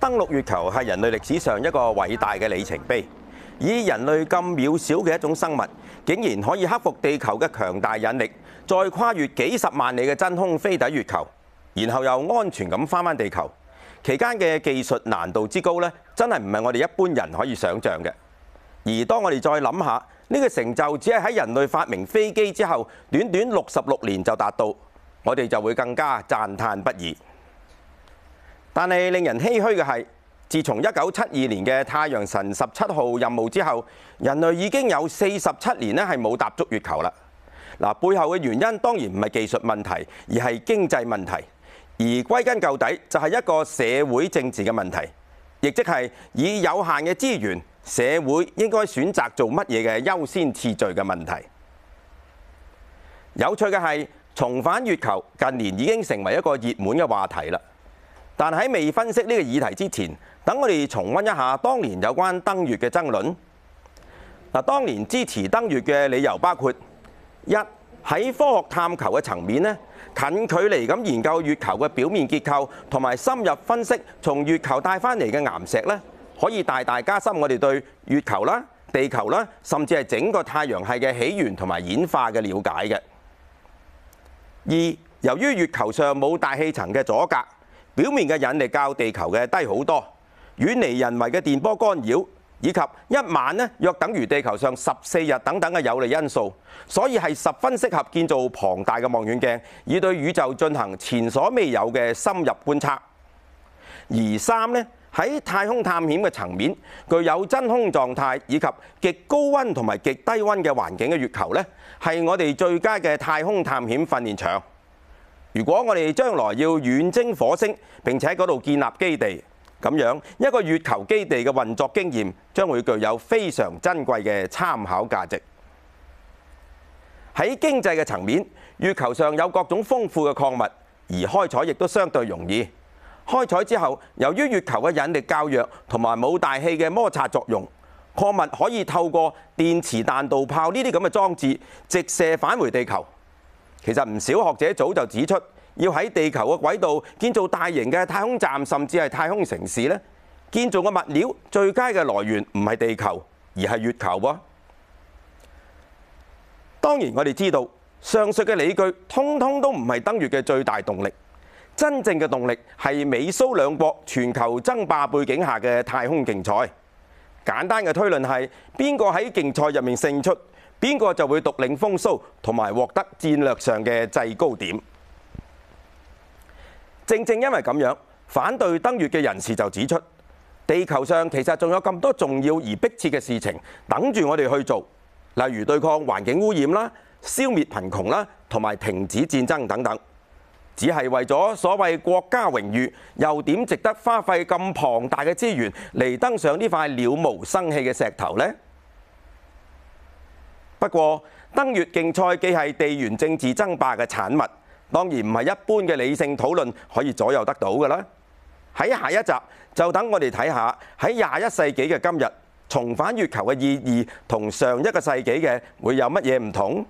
登陸月球係人類歷史上一個偉大嘅里程碑。以人類咁渺小嘅一種生物，竟然可以克服地球嘅強大引力，再跨越幾十萬里嘅真空飛抵月球，然後又安全咁翻返地球，期間嘅技術難度之高呢，真係唔係我哋一般人可以想象嘅。而當我哋再諗下，呢個成就只係喺人類發明飛機之後短短六十六年就達到，我哋就會更加讚嘆不已。但係令人唏嘘嘅係，自從一九七二年嘅太陽神十七號任務之後，人類已經有四十七年嚟係冇踏足月球啦。嗱，背後嘅原因當然唔係技術問題，而係經濟問題，而歸根究底就係一個社會政治嘅問題，亦即係以有限嘅資源，社會應該選擇做乜嘢嘅優先次序嘅問題。有趣嘅係，重返月球近年已經成為一個熱門嘅話題啦。但喺未分析呢個議題之前，等我哋重温一下當年有關登月嘅爭論。嗱，當年支持登月嘅理由包括：一，喺科學探求嘅層面咧，近距離咁研究月球嘅表面結構，同埋深入分析從月球帶返嚟嘅岩石咧，可以大大加深我哋對月球啦、地球啦，甚至係整個太陽系嘅起源同埋演化嘅了解嘅。二，由於月球上冇大氣層嘅阻隔，表面嘅引力較地球嘅低好多，遠離人為嘅電波干擾，以及一晚呢，約等於地球上十四日等等嘅有利因素，所以係十分適合建造龐大嘅望遠鏡，以對宇宙進行前所未有嘅深入觀察。而三呢，喺太空探險嘅層面，具有真空狀態以及極高温同埋極低温嘅環境嘅月球呢，係我哋最佳嘅太空探險訓練場。如果我哋將來要遠征火星，並且喺嗰度建立基地，咁樣一個月球基地嘅運作經驗將會具有非常珍貴嘅參考價值。喺經濟嘅層面，月球上有各種豐富嘅礦物，而開採亦都相對容易。開採之後，由於月球嘅引力較弱，同埋冇大氣嘅摩擦作用，礦物可以透過電磁彈道炮呢啲咁嘅裝置直射返回地球。其實唔少學者早就指出，要喺地球嘅軌道建造大型嘅太空站，甚至係太空城市，建造嘅物料最佳嘅來源唔係地球，而係月球喎。當然，我哋知道上述嘅理據，通通都唔係登月嘅最大動力。真正嘅動力係美蘇兩國全球爭霸背景下嘅太空競賽。簡單嘅推論係，邊個喺競賽入面勝出？邊個就會獨領風騷同埋獲得戰略上嘅制高點？正正因為咁樣，反對登月嘅人士就指出，地球上其實仲有咁多重要而迫切嘅事情等住我哋去做，例如對抗環境污染啦、消滅貧窮啦、同埋停止戰爭等等。只係為咗所謂國家榮譽，又點值得花費咁龐大嘅資源嚟登上呢塊了無生氣嘅石頭呢？不過，登月競賽既係地緣政治爭霸嘅產物，當然唔係一般嘅理性討論可以左右得到嘅啦。喺下一集就等我哋睇下喺廿一世紀嘅今日，重返月球嘅意義同上一個世紀嘅會有乜嘢唔同。